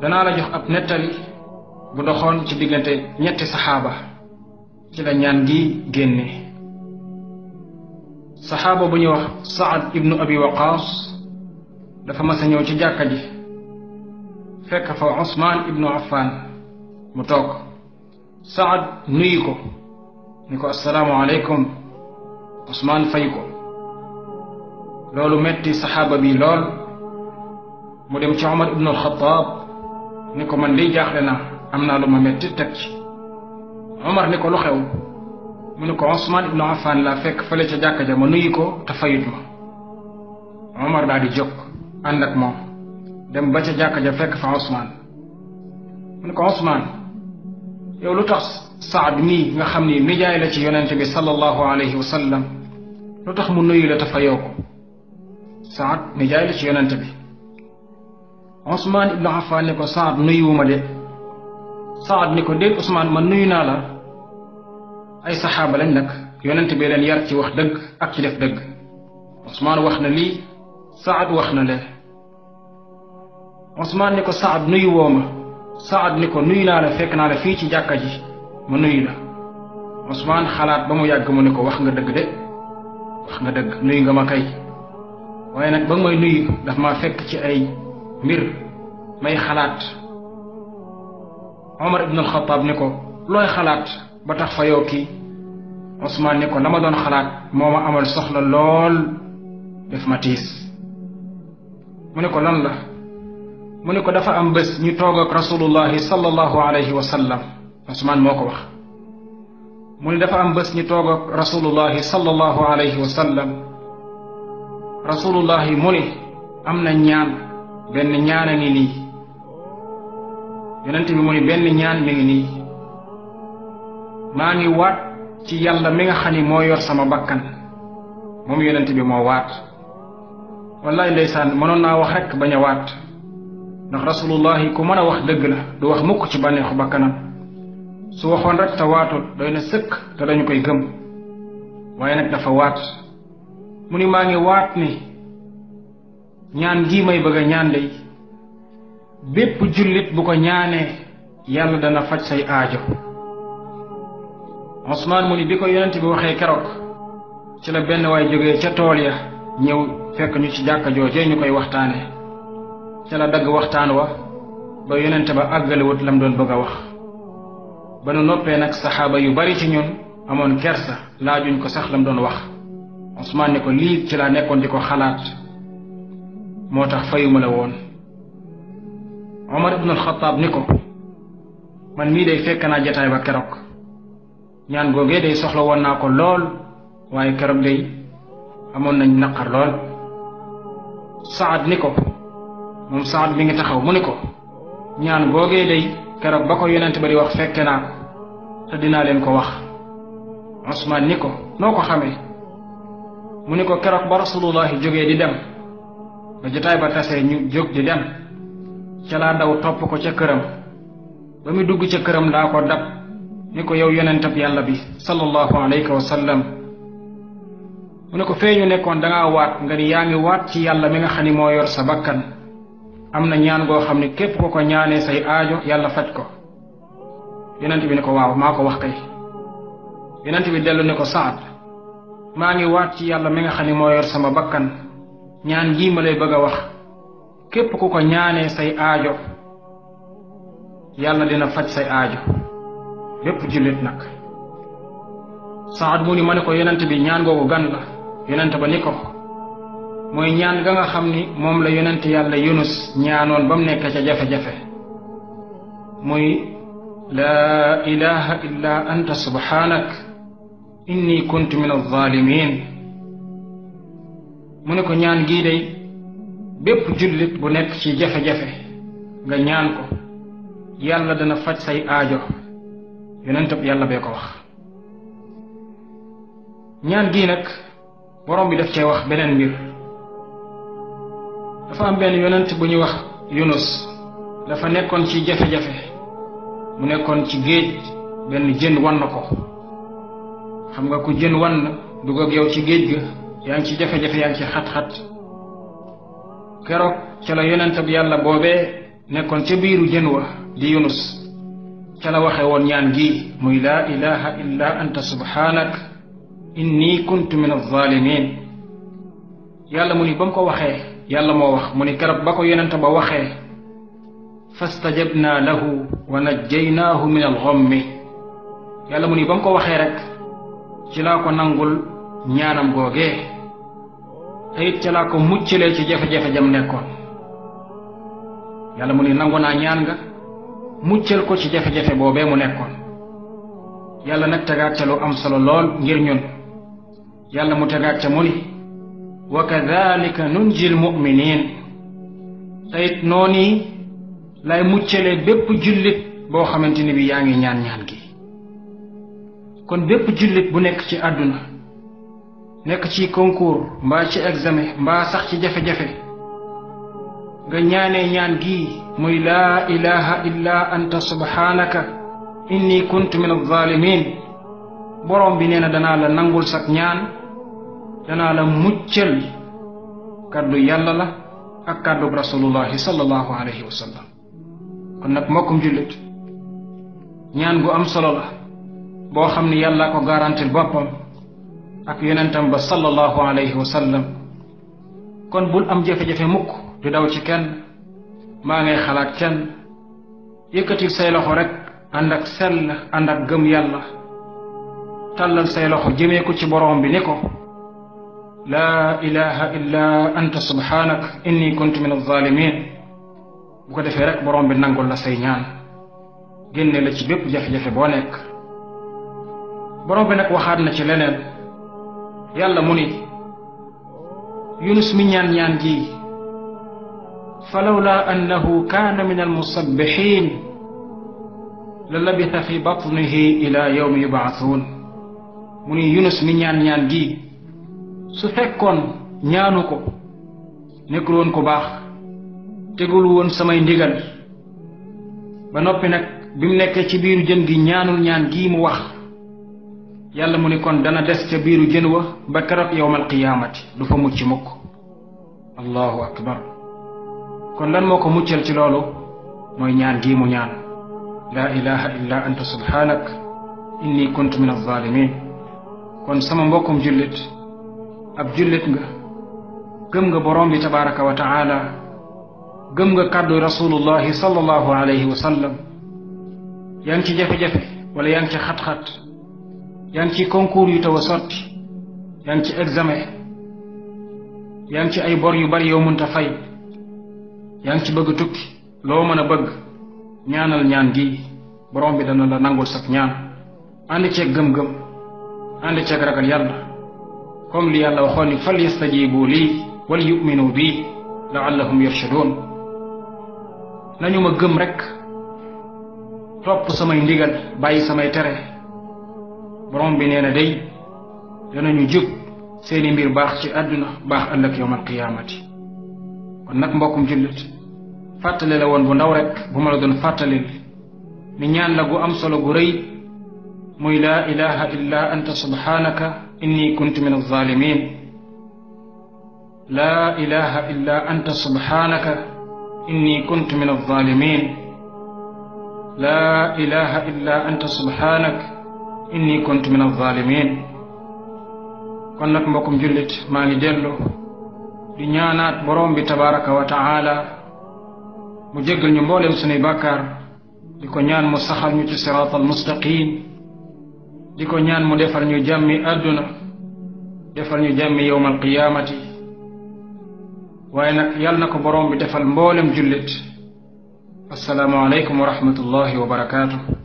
dana la jox ab netali bu doxoon ci digante ñetti sahaba ci la ñaan gi génne sahaba bu ñu wax saad ibn abi waqas dafa ma sa ñëw ci jàkka ji fekk fa usman ibn affan mu tok saad nuyu ko ni ko alaykum usman fay ko loolu metti sahaba bi lol mu dem ci umar ibn al-khattab ni ko man li jaxle na amna naa lu ma metti tek ci Omar ni ko lu xew mu ni ko usman ibn Affan la fek fële ci jàkka ja ma nuyi ko ta fayut ma Omar daal di jóg ànd ak moom dem ba ci jàkka ja fek fa usman mu ni ko usman yow lutax Saad ni nga xamni ni nijaay la ci yonent bi sallallahu alayhi wa sallam lutax mu nuyu la ta fayoko ko Saad nijaay la ci yonent bi Ousmane ibnu Affan ne ko Saad nuyuwuma de Saad ne ko déet Ousmane man nuyu naa la ay saxaaba lañ nag yonent bi leen yar ci wax dëgg ak ci def dëgg Ousmane wax na lii Saad wax na lee Ousmane ne ko Saad nuyu woo ma Saad ne ko nuyu naa la fekk naa la fii ci jàkka ji ma nuyu la Ousmane xalaat ba mu yàgg mu ne ko wax nga dëgg de wax nga dëgg nuyu nga ma kay waaye nag ba may nuyu daf maa fekk ci ay mbir may xalaat Omar ibn al-Khattab niko loy looy xalaat ba tax fa yow kii Ousmane ni ko la ma doon xalaat moo ma amal soxla lool def ma tiis lan la mu dafa am bés ñu toog ak rasulullahi sallallahu alayhi wa sallam Ousmane moo ko wax mu dafa am bés ñu toog ak rasulullahi sallallahu alayhi wa sallam rasulullahi mu ne am na benn ñaan a ngi nii yonent bi mu ni benn ñaan mi ngi nii maa ngi waat ci yàlla mi nga xam ni yor sama bakkan moom yonent bi moo wat, wallaay ndeysaan manon naa wax rekk bañ a ndax rasulullahi ku mën wax dëgg la du wax mukk ci bànneexu bakkanam su rek te dañu koy gëm dafa wat mu ni ngi ni ñaan gii may bëgg a ñaan day bépp jullit bu ko ñaanee yàlla dana faj say aajo Usmaan mu ni bi ko yonent bi waxee keroog ci la benn waay jóge ca tool ya ñëw fekk ñu ci jàkka joojee ñu koy waxtaane ca la dagg waxtaan wa ba yonent ba àggalewut lam doon bëgg a wax ba nu noppee nag saxaaba yu bari ci ñun amoon kersa laajuñ ko sax lam doon wax Usmaan ne ko lii ci laa nekkoon di ko xalaat moo tax fayuma la woon Omar ibn al-Khattab ni ko man mii day fekk naa jataay ba keroog ñaan googee day soxla woon naa ko lool waaye keroog day amoon nañ naqar lool Saad ni ko moom Saad mi ngi taxaw mu ni ko ñaan googee day keroog ba ko yonent ba di wax fekke naa ko te dinaa leen ko wax Usmaan ni ko noo ko xamee mu ni ko keroog ba rasulullahi jógee di dem ba jotaay ba tasee ñu jóg di dem ca daw topp ko ca këram ba mu dugg ca këram laa ko dab ni ko yow yonentab yàlla bi sallallahu alayhi wa sallam mu ne ko fee ñu nekkoon danga waat nga ni yaa ngi waat ci yàlla mi nga xam ni moo yor sa bakkan am na ñaan goo xam ne képp ko ko ñaanee say aajo yàlla faj ko yonent bi ne ko waaw maa ko wax kay yonent bi dellu ne ko saad maa ngi waat ci yàlla mi nga xam ni moo yor sama bakkan ñaan gii ma lay bëgg a wax képp ku ko ñaanee say aajo yàlla dina faj say aajo lépp jullit nag saad mu ni ma ne ko yonente bi ñaan googu gan la yonente ba ni ko mooy ñaan ga nga xam ni moom la yonente yàlla yunus ñaanoon ba mu nekk ca jafe-jafe muy laa ilaha illa anta subhanak inni kuntu min alzalimin mu ne ko ñaan gii day bépp jullit bu nekk ci jafe-jafe nga ñaan ko yàlla dana faj say aajo yonentab yàlla bee ko wax ñaan gii nag borom bi daf cee wax beneen mbir dafa am benn yonent bu ñuy wax Yunus dafa nekkoon ci jafe-jafe mu nekkoon ci géej benn jën wann ko xam nga ku jën wann dugg ak yow ci géej ga yaa ci jafe-jafe yaa ngi ci xat-xat keroog ca la yonent bi yàlla bobé nekkon ci biiru jenwa di yunus ci la waxe won ñaan gi muy la ilaha illa anta subhanak inni kuntu min adh-dhalimin yàlla muni bam ko waxé yàlla mo wax muni ni bako yonent ba waxé fastajabna lahu wa najjaynaahu min al-ghamm yàlla muni bam ko waxé rek ci la ko nangul ñaanam googee te it ca laa muccalee ci jafe-jafe jam nekkoon yàlla mu ne nangu naa ñaan nga muccal ko ci jafe-jafe boobee mu nekkoon yàlla nag tegaat ca am solo lool ngir ñun yàlla mu tegaat ca mu ni wa kadalika nunjil muminin tayit noonu lay muccalee bépp jullit boo xamante ni bi yaa ngi ñaan ñaan gi kon bépp jullit bu nekk ci àdduna nekk ci concours mbaa ci examen mbaa sax ci jafe-jafe nga ñaanee ñaan gi muy laa ilaha illa anta subhanaka inni kuntu min alzalimin borom bi nee na danaa la nangul sak ñaan danaa la muccal kàddu yàlla la ak kàddu rasulullahi sallallahu alayhi wa sallam kon nag mbokkum jullit ñaan gu am solo la boo xam ne yàllaa ko garantil boppam ak yonentam ba sallallahu alayhi wa sallam kon bul am jafe-jafe mukk du daw ci kenn ma ngay xalaat kenn yëkkatil say loxo rek ànd ak sell ànd ak gëm yàlla tàllal say loxo jëmee ko ci borom bi ni ko laa ilaha illa anta subhanak inni kuntu min alzalimin bu ko defee rek borom bi nangul la say ñaan génne la ci bépp jafe-jafe boo nekk borom bi nag waxaat na ci leneen yàlla mu ni yunus mi ñaan ñaan gi falawla annahu kaana min almusabbihin la labita fi batnihi ila yawmi yubaathuun mu ni yunus mi ñaan ñaan gi su fekkoon ñaanu ko nekkul ku ko baax tegul woon samay ndigal ba noppi nag bi mu ci biiru jën gi ñaanu ñaan gi mu wax yàlla mu ni kon dana des ca biiru jën wa ba keroog yowmal qiyaamati du fa mucc mukk allahu akbar kon lan moo ko muccal ci loolu mooy ñaan gii mu ñaan laa ilaha illa anta subhanak inni kuntu min alzalimin kon sama mbokkum jullit ab jullit nga gëm nga borom bi tabaraka wa taala gëm nga kàddu rasulullahi sallallahu alayhi wa sallam yaa ngi ci jafe-jafe wala yaa ngi ci xat-xat yaa ngi ci concours yu taw a sotti yan ngi ci examen yaa ci ay bor yu bari yow mënta fay yaa ci bëgg tukki loo mën a bëgg ñaanal ñaan gi borom bi dana la nangul sax ñaan ànd ceeg gëm-gëm ànd ceeg ragal yàlla comme li yàlla waxoon ni fal yastajibu lii wal yuminu bii laallahum yarshadun nañu ma gëm rek topp samay ndigal bàyyi samay tere borom bi nee na day danañu jub seeni mbir baax ci àdduna baax ëllëg yowmal qiyaamati kon nag mbokkum jullit fàttale la woon bu ndaw rek bu ma la doon fàttalil ni ñaan la gu am solo gu rëy muy laa ilaha illa anta subhanaka inni kuntu min alzalimin laa ilaha illa anta subhanaka inni kuntu min alzalimin laa ilaha illa anta subhanaka إني كنت من الظالمين كن نك مكم جلت ما نجلو لنيانات بروم بتبارك وتعالى مجيغل نمول سني بكر لكو نيان مسخل نيو تسراط المستقيم لكو نيان مدفر نيو جمي أدنى دفر نيو جمي يوم القيامة وين يلنا كبرون بدفر مولم جلت السلام عليكم ورحمة الله وبركاته